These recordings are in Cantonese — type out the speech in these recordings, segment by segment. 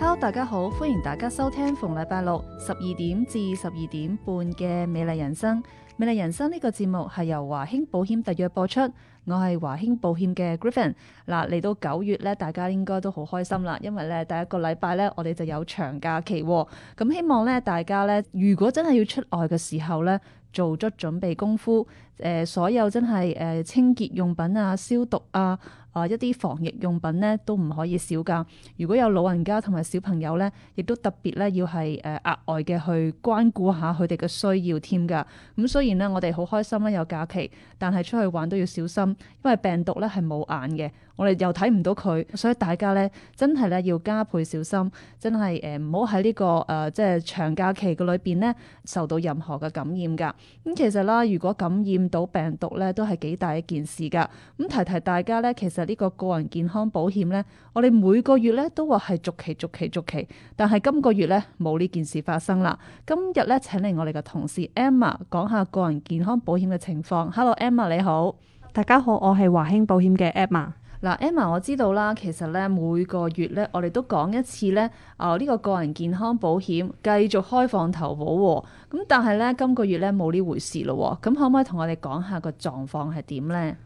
好，Hello，大家好，歡迎大家收聽逢禮拜六十二點至十二點半嘅美麗人生。美麗人生呢、這個節目係由華興保險特約播出，我係華興保險嘅 Griffin。嗱、啊，嚟到九月咧，大家應該都好開心啦，因為咧第一個禮拜咧，我哋就有長假期、哦。咁、嗯、希望咧，大家咧，如果真係要出外嘅時候咧，做足準備功夫，誒、呃，所有真係誒、呃、清潔用品啊、消毒啊、啊、呃、一啲防疫用品咧，都唔可以少噶。如果有老人家同埋小朋友咧，亦都特別咧要係誒額外嘅去關顧下佢哋嘅需要添噶。咁、嗯、所以。我哋好開心啦，有假期，但係出去玩都要小心，因為病毒咧係冇眼嘅。我哋又睇唔到佢，所以大家咧真係咧要加倍小心，真係誒唔好喺呢個誒、呃、即係長假期嘅裏邊咧受到任何嘅感染噶。咁、嗯、其實啦，如果感染到病毒咧，都係幾大一件事噶。咁、嗯、提提大家咧，其實呢個個人健康保險咧，我哋每個月咧都話係續期續期續期，但係今個月咧冇呢件事發生啦。今日咧，請嚟我哋嘅同事 Emma 講下個人健康保險嘅情況。Hello Emma，你好，大家好，我係華興保險嘅 Emma。嗱，Emma，我知道啦，其實呢，每個月呢，我哋都講一次呢，啊呢個個人健康保險繼續開放投保喎，咁但係呢，今個月呢，冇呢回事咯，咁可唔可以同我哋講下個狀況係點呢？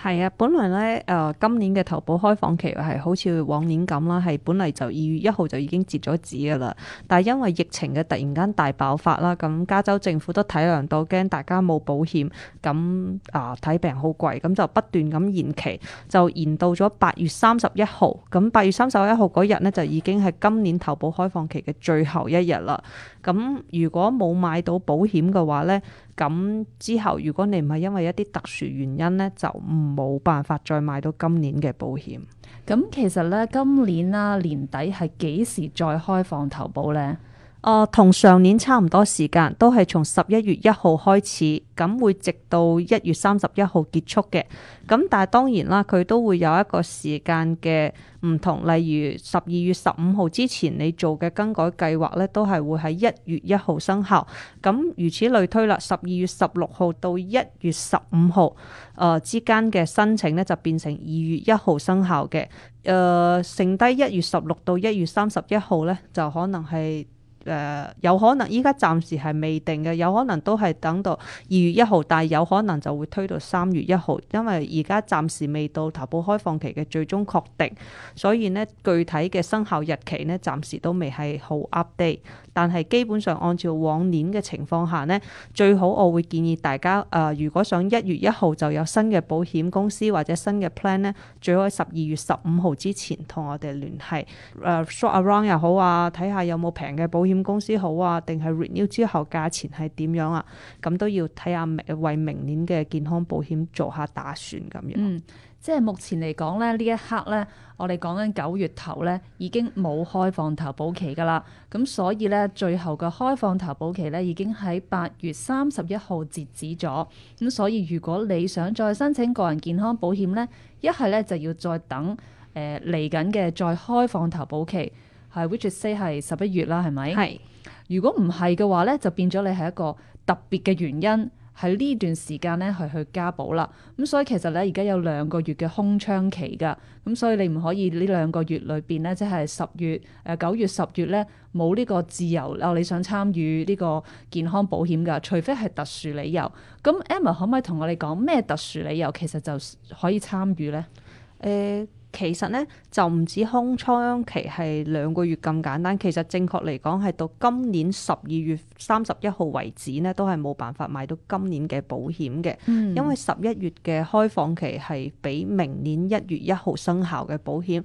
係啊，本來咧誒、呃、今年嘅投保開放期係好似往年咁啦，係本嚟就二月一號就已經截咗止噶啦。但係因為疫情嘅突然間大爆發啦，咁加州政府都體諒到，驚大家冇保險，咁啊睇病好貴，咁就不斷咁延期，就延到咗八月三十一號。咁八月三十一號嗰日呢，就已經係今年投保開放期嘅最後一日啦。咁如果冇買到保險嘅話呢，咁之後如果你唔係因為一啲特殊原因呢，就唔冇辦法再買到今年嘅保險，咁其實咧，今年啦、啊，年底係幾時再開放投保咧？同、呃、上年差唔多時間，都係從十一月一號開始，咁會直到一月三十一號結束嘅。咁但係當然啦，佢都會有一個時間嘅唔同，例如十二月十五號之前你做嘅更改計劃呢，都係會喺一月一號生效。咁如此類推啦，十二月十六號到一月十五號，之間嘅申請呢，就變成二月一號生效嘅。誒、呃、剩低一月十六到一月三十一號呢，就可能係。誒、呃、有可能依家暫時係未定嘅，有可能都係等到二月一號，但係有可能就會推到三月一號，因為而家暫時未到投保開放期嘅最終確定，所以呢，具體嘅生效日期呢，暫時都未係好 update，但係基本上按照往年嘅情況下呢，最好我會建議大家誒、呃，如果想一月一號就有新嘅保險公司或者新嘅 plan 呢，最好喺十二月十五號之前同我哋聯繫誒、呃、shop around 又好啊，睇下有冇平嘅保險。保險公司好啊，定係 renew 之後價錢係點樣啊？咁都要睇下明為明年嘅健康保險做下打算咁樣。嗯，即係目前嚟講咧，呢一刻咧，我哋講緊九月頭咧已經冇開放投保期噶啦。咁所以咧，最後嘅開放投保期咧已經喺八月三十一號截止咗。咁、嗯、所以如果你想再申請個人健康保險咧，一係咧就要再等誒嚟緊嘅再開放投保期。係、uh，which is say 係十一月啦，係、right? 咪是？係。如果唔係嘅話咧，就變咗你係一個特別嘅原因喺呢段時間咧，係去加保啦。咁、嗯、所以其實咧，而家有兩個月嘅空窗期㗎。咁、嗯、所以你唔可以呢兩個月裏邊咧，即係十月、誒、呃、九月、十月咧，冇呢個自由，我、呃、你想參與呢個健康保險㗎，除非係特殊理由。咁 Emma 可唔可以同我哋講咩特殊理由其實就可以參與咧？誒。Uh, 其實咧就唔止空窗期係兩個月咁簡單，其實正確嚟講係到今年十二月三十一號為止呢都係冇辦法買到今年嘅保險嘅，嗯、因為十一月嘅開放期係畀明年一月一號生效嘅保險。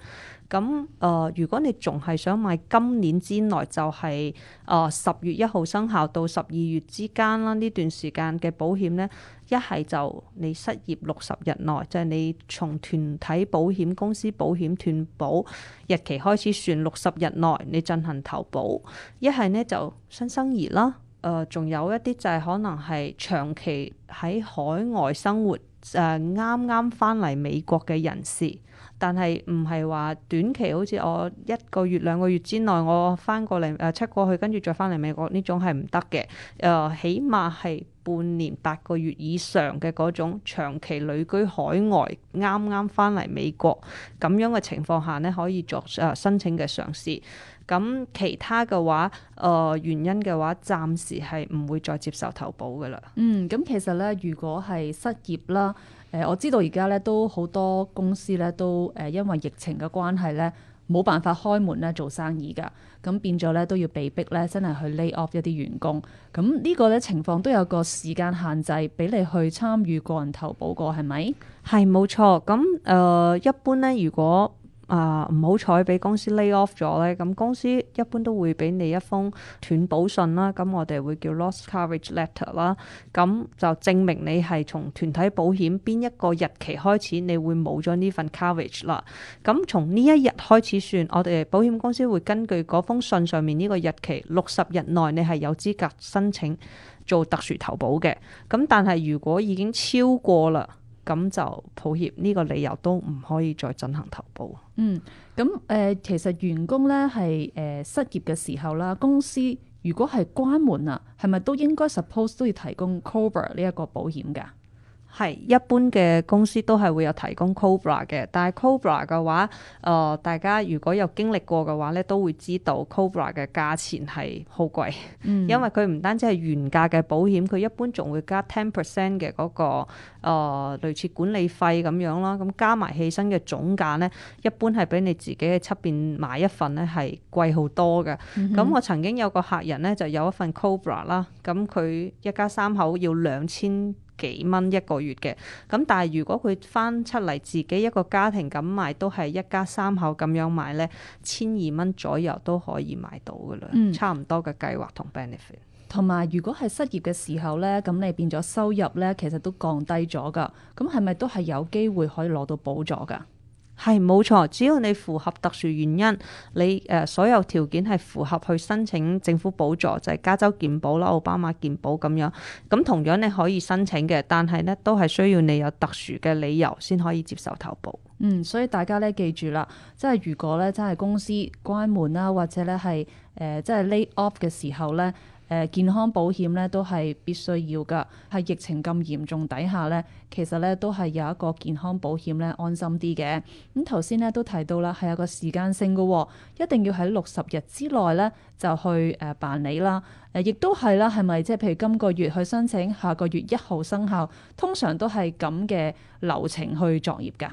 咁誒、呃，如果你仲係想買今年之內就係誒十月一號生效到十二月之間啦，呢段時間嘅保險咧。一係就你失業六十日內，就係、是、你從團體保險公司保險斷保日期開始算六十日內，你進行投保。一係呢，就新生兒啦，誒、呃，仲有一啲就係可能係長期喺海外生活誒，啱啱返嚟美國嘅人士。但係唔係話短期，好似我一個月兩個月之內，我翻過嚟，誒，出過去，跟住再翻嚟美國呢種係唔得嘅。誒、呃，起碼係半年八個月以上嘅嗰種長期旅居海外，啱啱翻嚟美國咁樣嘅情況下呢，可以作誒、呃、申請嘅嘗試。咁其他嘅話，誒、呃、原因嘅話，暫時係唔會再接受投保嘅啦。嗯，咁其實咧，如果係失業啦，誒、呃、我知道而家咧都好多公司咧都誒因為疫情嘅關係咧，冇辦法開門咧做生意噶，咁變咗咧都要被逼咧真係去 lay off 一啲員工。咁呢個咧情況都有個時間限制俾你去參與個人投保過，係咪？係，冇錯。咁誒、呃、一般咧，如果啊，唔好彩俾公司 lay off 咗呢，咁、嗯、公司一般都會俾你一封斷保信啦，咁、嗯、我哋會叫 loss coverage letter 啦、嗯，咁、嗯嗯嗯、就證明你係從團體保險邊一個日期開始，你會冇咗呢份 coverage 啦。咁、嗯、從呢一日開始算，我哋保險公司會根據嗰封信上面呢個日期，六十日內你係有資格申請做特殊投保嘅。咁、嗯、但係如果已經超過啦。咁就抱歉，呢個理由都唔可以再進行投保。嗯，咁誒、呃，其實員工咧係誒失業嘅時候啦，公司如果係關門啊，係咪都應該 suppose 都要提供 COBRA 呢一個保險噶？係一般嘅公司都係會有提供 Cobra 嘅，但係 Cobra 嘅話，誒、呃、大家如果有經歷過嘅話咧，都會知道 Cobra 嘅價錢係好貴，嗯、因為佢唔單止係原價嘅保險，佢一般仲會加 ten percent 嘅嗰個誒、呃、類似管理費咁樣啦，咁加埋起身嘅總價咧，一般係比你自己喺出邊買一份咧係貴好多嘅。咁、嗯、哼我曾經有個客人咧就有一份 Cobra 啦，咁佢一家三口要兩千幾蚊一個月嘅，咁但係如果佢翻出嚟自己一個家庭咁買，都係一家三口咁樣買咧，千二蚊左右都可以買到噶啦，嗯、差唔多嘅計劃同 benefit。同埋如果係失業嘅時候咧，咁你變咗收入咧，其實都降低咗噶，咁係咪都係有機會可以攞到補助噶？係冇錯，只要你符合特殊原因，你誒、呃、所有條件係符合去申請政府補助，就係、是、加州健保啦、奧巴馬健保咁樣，咁同樣你可以申請嘅，但係咧都係需要你有特殊嘅理由先可以接受投保。嗯，所以大家咧記住啦，即係如果咧即係公司關門啦，或者咧係誒即係 lay off 嘅時候咧。誒健康保險咧都係必須要㗎，喺疫情咁嚴重底下咧，其實咧都係有一個健康保險咧安心啲嘅。咁頭先咧都提到啦，係有個時間性嘅，哦，一定要喺六十日之內咧就去誒、呃、辦理啦。誒，亦都係啦，係咪即係譬如今個月去申請，下個月一號生效，通常都係咁嘅流程去作業㗎。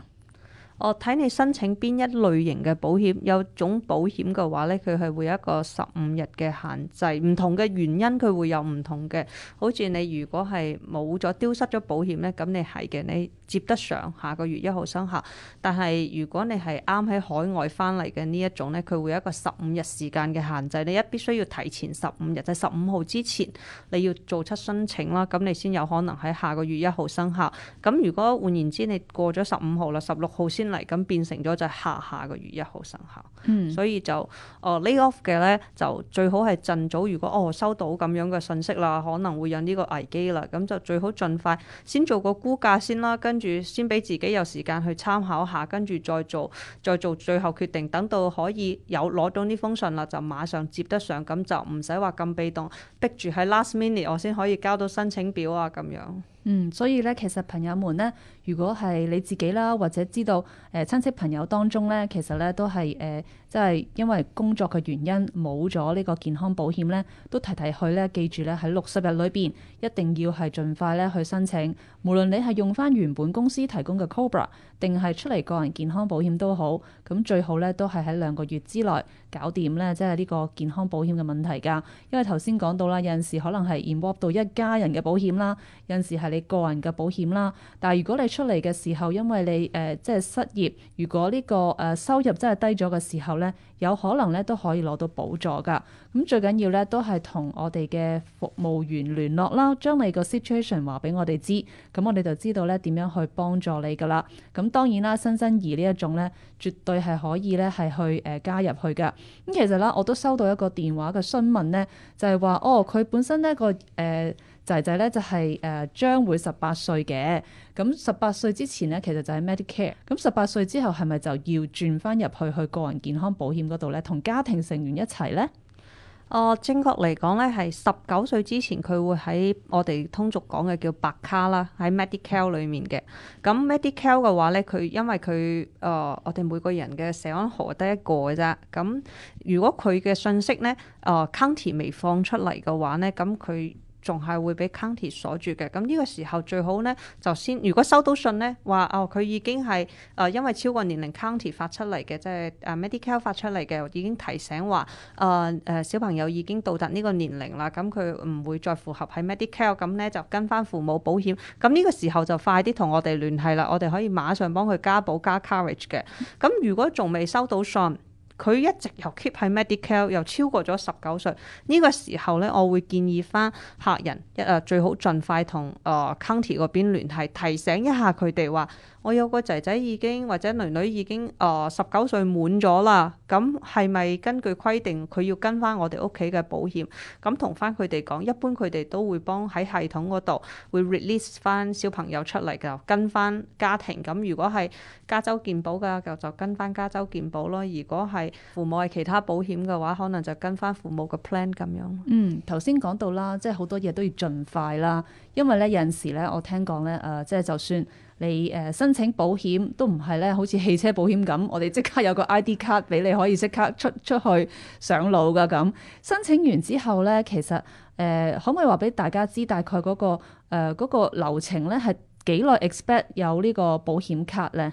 我睇你申請邊一類型嘅保險，有種保險嘅話咧，佢係會有一個十五日嘅限制，唔同嘅原因佢會有唔同嘅。好似你如果係冇咗、丟失咗保險咧，咁你係嘅，你接得上，下個月一號生效。但係如果你係啱喺海外翻嚟嘅呢一種咧，佢會有一個十五日時間嘅限制，你一必須要提前十五日，就係十五號之前你要做出申請啦，咁你先有可能喺下個月一號生效。咁如果換言之，你過咗十五號啦，十六號先嚟咁變成咗就下下個月一號生效，嗯、所以就哦、呃、lay off 嘅咧就最好係盡早。如果哦收到咁樣嘅信息啦，可能會有呢個危機啦，咁就最好盡快先做個估價先啦，跟住先俾自己有時間去參考下，跟住再做再做最後決定。等到可以有攞到呢封信啦，就馬上接得上，咁就唔使話咁被動，逼住喺 last minute 我先可以交到申請表啊咁樣。嗯，所以咧，其實朋友們咧，如果係你自己啦，或者知道誒、呃、親戚朋友當中咧，其實咧都係誒，即、呃、係、就是、因為工作嘅原因冇咗呢個健康保險咧，都提提佢咧，記住咧喺六十日裏邊一定要係盡快咧去申請，無論你係用翻原本公司提供嘅 Cobra。定係出嚟個人健康保險都好，咁最好咧都係喺兩個月之內搞掂咧，即係呢個健康保險嘅問題㗎。因為頭先講到啦，有陣時可能係 involve 到一家人嘅保險啦，有陣時係你個人嘅保險啦。但係如果你出嚟嘅時候，因為你誒、呃、即係失業，如果呢、這個誒、呃、收入真係低咗嘅時候咧，有可能咧都可以攞到補助㗎。咁最緊要咧都係同我哋嘅服務員聯絡啦，將你個 situation 話俾我哋知，咁我哋就知道咧點樣去幫助你㗎啦。咁當然啦，新生兒呢一種咧，絕對係可以咧係去誒、呃、加入去嘅。咁其實啦，我都收到一個電話嘅詢問咧，就係、是、話哦，佢本身咧個誒仔仔咧就係、是、誒、呃、將會十八歲嘅。咁十八歲之前咧，其實就係 Medicare。咁十八歲之後係咪就要轉返入去去個人健康保險嗰度咧，同家庭成員一齊咧？哦，正確嚟講咧，係十九歲之前佢會喺我哋通俗講嘅叫白卡啦，喺 medical 裏面嘅。咁 medical 嘅話咧，佢因為佢誒、呃、我哋每個人嘅社安號得一個嘅啫。咁、嗯、如果佢嘅信息咧，誒、呃、county 未放出嚟嘅話咧，咁、嗯、佢仲係會俾 county 鎖住嘅，咁呢個時候最好咧就先，如果收到信咧話，哦，佢已經係誒、呃、因為超過年齡 county 發出嚟嘅，即係 medical 發出嚟嘅，已經提醒話誒誒，小朋友已經到達呢個年齡啦，咁佢唔會再符合喺 medical，咁咧就跟翻父母保險，咁呢個時候就快啲同我哋聯繫啦，我哋可以馬上幫佢加保加 coverage 嘅，咁如果仲未收到信。佢一直又 keep 喺 medical，又超過咗十九歲。呢個時候咧，我會建議翻客人一啊最好盡快同啊 County 嗰邊聯繫，提醒一下佢哋話：我有個仔仔已經或者女女已經啊十九歲滿咗啦，咁係咪根據規定佢要跟翻我哋屋企嘅保險？咁同翻佢哋講，一般佢哋都會幫喺系統嗰度會 release 翻小朋友出嚟㗎，跟翻家庭。咁、嗯、如果係加州健保㗎，就就跟翻加州健保咯。如果係父母係其他保險嘅話，可能就跟翻父母嘅 plan 咁樣。嗯，頭先講到啦，即係好多嘢都要盡快啦，因為咧有陣時咧，我聽講咧誒，即係就算你誒、呃、申請保險都唔係咧，好似汽車保險咁，我哋即刻有個 ID 卡俾你可以即刻出出去上路噶咁。申請完之後咧，其實誒、呃、可唔可以話俾大家知大概嗰、嗰個誒、呃嗰個、流程咧係幾耐 expect 有呢個保險卡咧？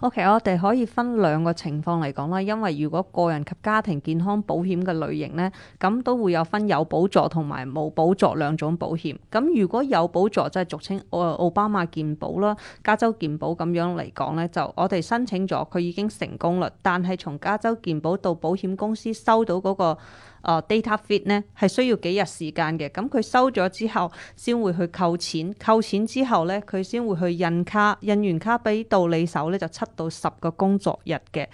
O.K. 我哋可以分兩個情況嚟講啦，因為如果個人及家庭健康保險嘅類型呢，咁都會有分有補助同埋冇補助兩種保險。咁如果有補助，即係俗稱誒奧巴馬健保啦、加州健保咁樣嚟講呢，就我哋申請咗，佢已經成功啦。但係從加州健保到保險公司收到嗰個 data feed 呢，係需要幾日時間嘅。咁佢收咗之後，先會去扣錢，扣錢之後呢，佢先會去印卡，印完卡俾到你手呢，就七到十個工作日嘅，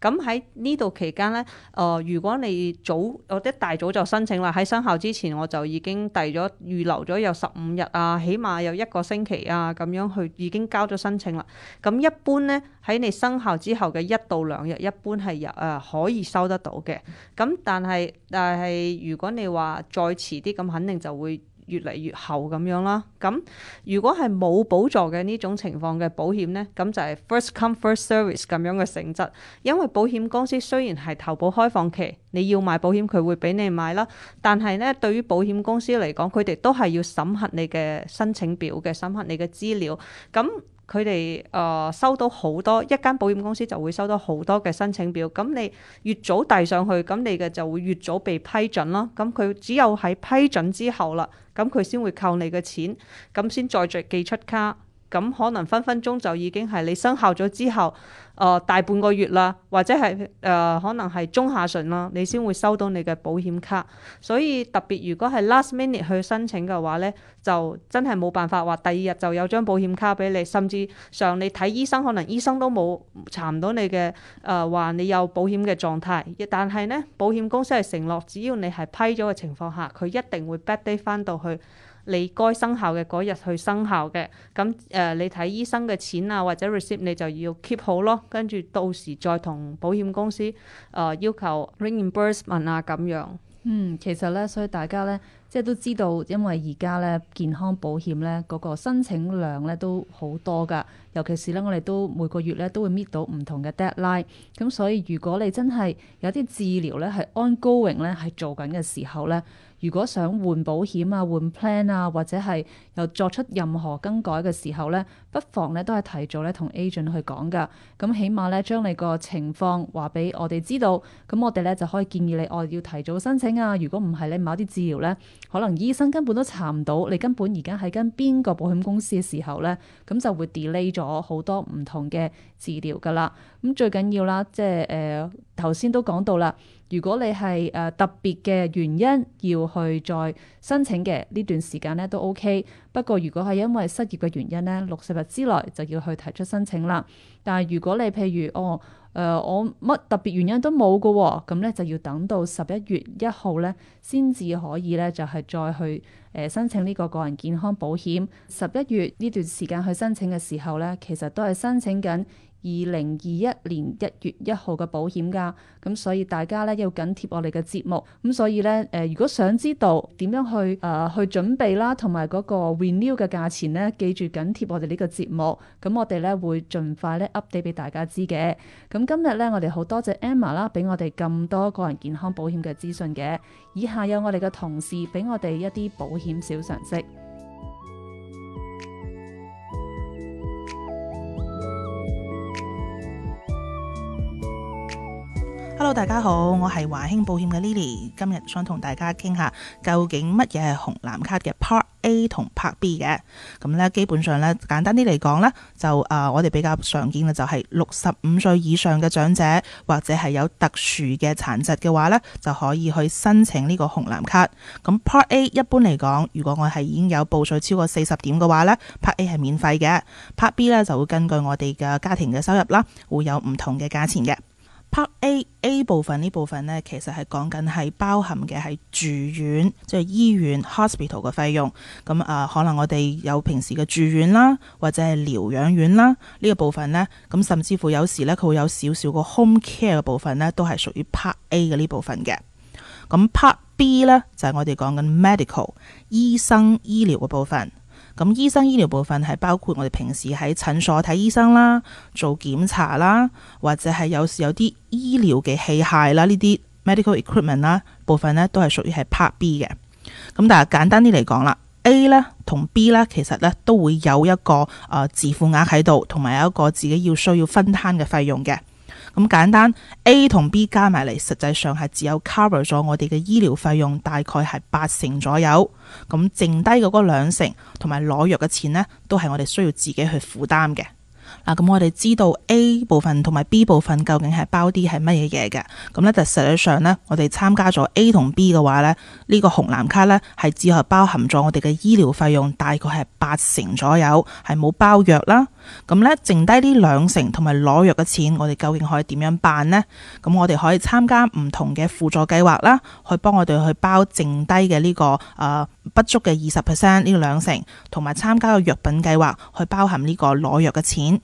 咁喺呢度期間咧，誒、呃，如果你早我一大早就申請啦，喺生效之前我就已經遞咗預留咗有十五日啊，起碼有一個星期啊，咁樣去已經交咗申請啦。咁一般咧喺你生效之後嘅一到兩日，一般係有誒可以收得到嘅。咁但係但係如果你話再遲啲，咁肯定就會。越嚟越厚咁樣啦，咁如果係冇補助嘅呢種情況嘅保險呢，咁就係 first come first service 咁樣嘅性質，因為保險公司雖然係投保開放期，你要買保險佢會俾你買啦，但係呢對於保險公司嚟講，佢哋都係要審核你嘅申請表嘅，審核你嘅資料，咁。佢哋誒收到好多，一間保險公司就會收到好多嘅申請表，咁你越早遞上去，咁你嘅就會越早被批准囉。咁佢只有喺批准之後啦，咁佢先會扣你嘅錢，咁先再着寄出卡。咁可能分分鐘就已經係你生效咗之後，誒、呃、大半個月啦，或者係誒、呃、可能係中下旬啦，你先會收到你嘅保險卡。所以特別如果係 last minute 去申請嘅話咧，就真係冇辦法話第二日就有張保險卡俾你，甚至上你睇醫生，可能醫生都冇查唔到你嘅誒話你有保險嘅狀態。但係呢，保險公司係承諾，只要你係批咗嘅情況下，佢一定會 back day 翻到去。你該生效嘅嗰日去生效嘅，咁誒、呃、你睇醫生嘅錢啊，或者 receipt 你就要 keep 好咯，跟住到時再同保險公司誒、呃、要求 reimbursement 啊咁樣。嗯，其實咧，所以大家咧。即係都知道，因為而家咧健康保險咧嗰個申請量咧都好多㗎，尤其是咧我哋都每個月咧都會搣到唔同嘅 deadline、嗯。咁所以如果你真係有啲治療咧係 ongoing 咧係做緊嘅時候咧，如果想換保險啊、換 plan 啊，或者係又作出任何更改嘅時候咧，不妨咧都係提早咧同 agent 去講㗎。咁、嗯、起碼咧將你個情況話俾我哋知道，咁、嗯、我哋咧就可以建議你我哋要提早申請啊。如果唔係咧，某啲治療咧。可能醫生根本都查唔到，你根本而家係跟邊個保險公司嘅時候呢，咁就會 delay 咗好多唔同嘅治療噶啦。咁最緊要啦，即係誒頭先都講到啦。如果你係誒特別嘅原因要去再申請嘅呢段時間咧都 OK，不過如果係因為失業嘅原因咧，六十日之內就要去提出申請啦。但係如果你譬如哦誒、呃、我乜特別原因都冇㗎喎，咁咧就要等到十一月一號咧先至可以咧就係再去誒申請呢個個人健康保險。十一月呢段時間去申請嘅時候咧，其實都係申請緊。二零二一年一月一號嘅保險㗎，咁所以大家咧要緊貼我哋嘅節目，咁所以咧誒、呃，如果想知道點樣去誒、呃、去準備啦，同埋嗰個 renew 嘅價錢咧，記住緊貼我哋呢個節目，咁我哋咧會盡快咧 update 俾大家知嘅。咁今日咧，我哋好多謝 Emma 啦，俾我哋咁多個人健康保險嘅資訊嘅。以下有我哋嘅同事俾我哋一啲保險小常識。大家好，我係華興保險嘅 Lily，今日想同大家傾下究竟乜嘢係紅藍卡嘅 Part A 同 Part B 嘅。咁咧，基本上咧，簡單啲嚟講咧，就啊、呃，我哋比較常見嘅就係六十五歲以上嘅長者或者係有特殊嘅殘疾嘅話咧，就可以去申請呢個紅藍卡。咁 Part A 一般嚟講，如果我係已經有報稅超過四十點嘅話咧，Part A 係免費嘅。Part B 咧就會根據我哋嘅家庭嘅收入啦，會有唔同嘅價錢嘅。Part A, A 部分呢部分呢，其實係講緊係包含嘅係住院即係、就是、醫院 hospital 嘅費用。咁啊、呃，可能我哋有平時嘅住院啦，或者係療養院啦，呢個部分呢，咁甚至乎有時呢，佢會有少少個 home care 嘅部分呢，都係屬於 Part A 嘅呢部分嘅。咁 Part B 呢，就係、是、我哋講緊 medical 醫生醫療嘅部分。咁醫生醫療部分係包括我哋平時喺診所睇醫生啦，做檢查啦，或者係有時有啲醫療嘅器械啦，呢啲 medical equipment 啦部分呢都係屬於係 Part B 嘅。咁但係簡單啲嚟講啦，A 咧同 B 咧其實呢都會有一個誒、呃、自付額喺度，同埋有一個自己要需要分攤嘅費用嘅。咁簡單，A 同 B 加埋嚟，實際上係只有 cover 咗我哋嘅醫療費用大概係八成左右，咁剩低嘅嗰兩成同埋攞藥嘅錢呢，都係我哋需要自己去負擔嘅。嗱，咁、啊嗯、我哋知道 A 部分同埋 B 部分究竟係包啲係乜嘢嘢嘅，咁、嗯、呢，就實際上呢，我哋參加咗 A 同 B 嘅話呢，呢、呢個紅藍卡呢，係只係包含咗我哋嘅醫療費用，大概係八成左右，係冇包藥啦。咁、嗯、呢，剩低呢兩成同埋攞藥嘅錢，我哋究竟可以點樣辦呢？咁、嗯、我哋可以參加唔同嘅輔助計劃啦，去幫我哋去包剩低嘅呢個啊。呃不足嘅二十 percent 個呢兩成，同埋參加個藥品計劃去包含呢個攞藥嘅錢，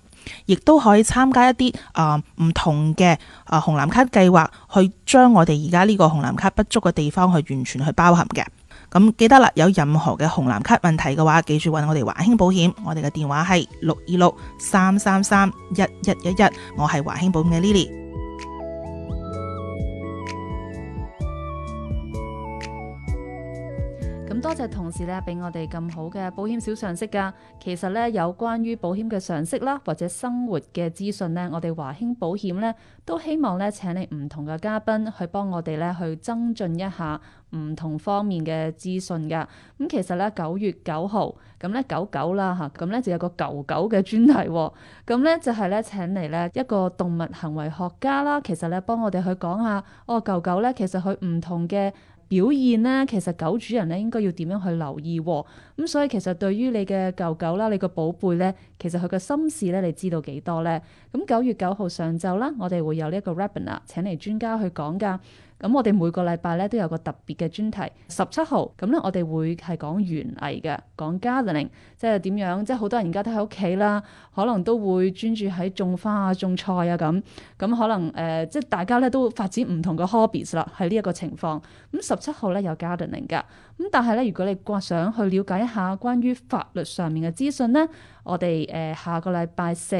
亦都可以參加一啲誒唔同嘅誒紅藍卡計劃去將我哋而家呢個紅藍卡不足嘅地方去完全去包含嘅。咁、嗯、記得啦，有任何嘅紅藍卡問題嘅話，記住搵我哋華興保險，我哋嘅電話係六二六三三三一一一一，11 11，我係華興保險嘅 Lily。多謝同事咧，俾我哋咁好嘅保險小常識噶。其實咧，有關於保險嘅常識啦，或者生活嘅資訊咧，我哋華興保險咧都希望咧，請你唔同嘅嘉賓去幫我哋咧去增進一下唔同方面嘅資訊噶。咁其實咧，九月九號，咁咧九九啦吓，咁咧就有個狗狗嘅專題哦。咁咧就係咧，請嚟咧一個動物行為學家啦。其實咧，幫我哋去講下，哦，狗狗咧，其實佢唔同嘅。表現咧，其實狗主人咧應該要點樣去留意喎？咁所以其實對於你嘅狗狗啦，你個寶貝咧，其實佢嘅心事咧，你知道幾多咧？咁九月九號上晝啦，我哋會有呢一個 r a p r e n e r 請嚟專家去講㗎。咁我哋每個禮拜咧都有個特別嘅專題。十七號咁咧，我哋會係講園藝嘅，講 gardening。即係點樣？即係好多人而家都喺屋企啦，可能都會專注喺種花啊、種菜啊咁。咁、嗯、可能誒、呃，即係大家咧都發展唔同嘅 hobbies 啦，係呢一個情況。咁十七號咧有 gardening 噶。咁、嗯、但係咧，如果你想去了解一下關於法律上面嘅資訊咧，我哋誒、呃、下個禮拜四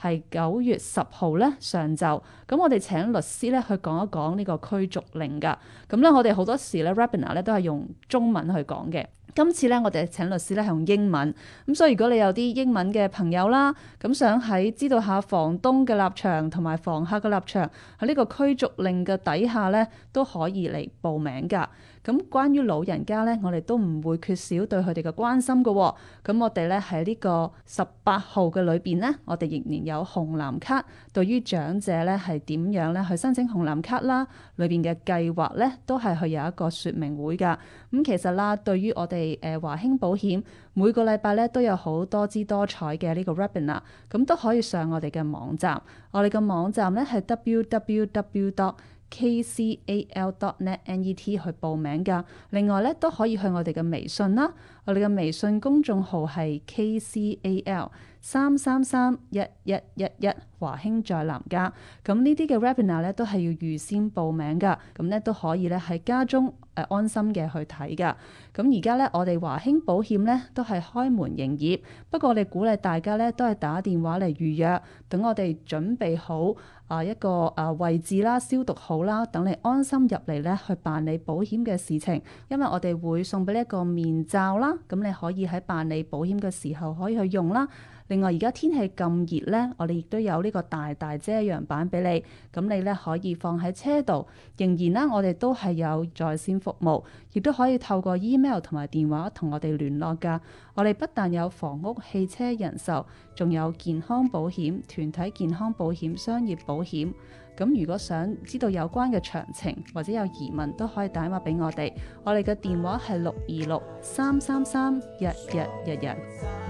係九月十號咧上晝。咁、嗯、我哋請律師咧去講一講呢個驅逐令噶。咁、嗯、咧、嗯，我哋好多時咧 webinar 咧都係用中文去講嘅。今次咧，我哋請律師咧係用英文，咁所以如果你有啲英文嘅朋友啦，咁想喺知道下房東嘅立場同埋房客嘅立場，喺呢個驅逐令嘅底下咧，都可以嚟報名㗎。咁關於老人家咧，我哋都唔會缺少對佢哋嘅關心嘅，哦。咁我哋咧喺呢個十八號嘅裏邊咧，我哋仍然有紅藍卡。對於長者咧，係點樣咧去申請紅藍卡啦？裏邊嘅計劃咧都係去有一個説明會㗎。咁、嗯、其實啦，對於我哋誒華興保險每個禮拜咧都有好多姿多彩嘅呢個 rebrand、bon ah, 啦、嗯，咁都可以上我哋嘅網站。我哋嘅網站咧係 www. KCAL.dot.netnet、e、去報名噶，另外咧都可以去我哋嘅微信啦，我哋嘅微信公眾號係 KCAL。C A L. 三三三一一一一，華興在南家。咁呢啲嘅 webinar 咧都係要預先報名噶，咁咧都可以咧喺家中誒安心嘅去睇噶。咁而家咧我哋華興保險咧都係開門營業，不過我哋鼓勵大家咧都係打電話嚟預約，等我哋準備好啊一個啊位置啦，消毒好啦，等你安心入嚟咧去辦理保險嘅事情。因為我哋會送俾你一個面罩啦，咁你可以喺辦理保險嘅時候可以去用啦。另外，而家天氣咁熱呢，我哋亦都有呢個大大遮陽板俾你，咁你呢可以放喺車度。仍然啦，我哋都係有在線服務，亦都可以透過 email 同埋電話同我哋聯絡㗎。我哋不但有房屋、汽車、人壽，仲有健康保險、團體健康保險、商業保險。咁如果想知道有關嘅詳情或者有疑問，都可以打電話俾我哋。我哋嘅電話係六二六三三三一一一一。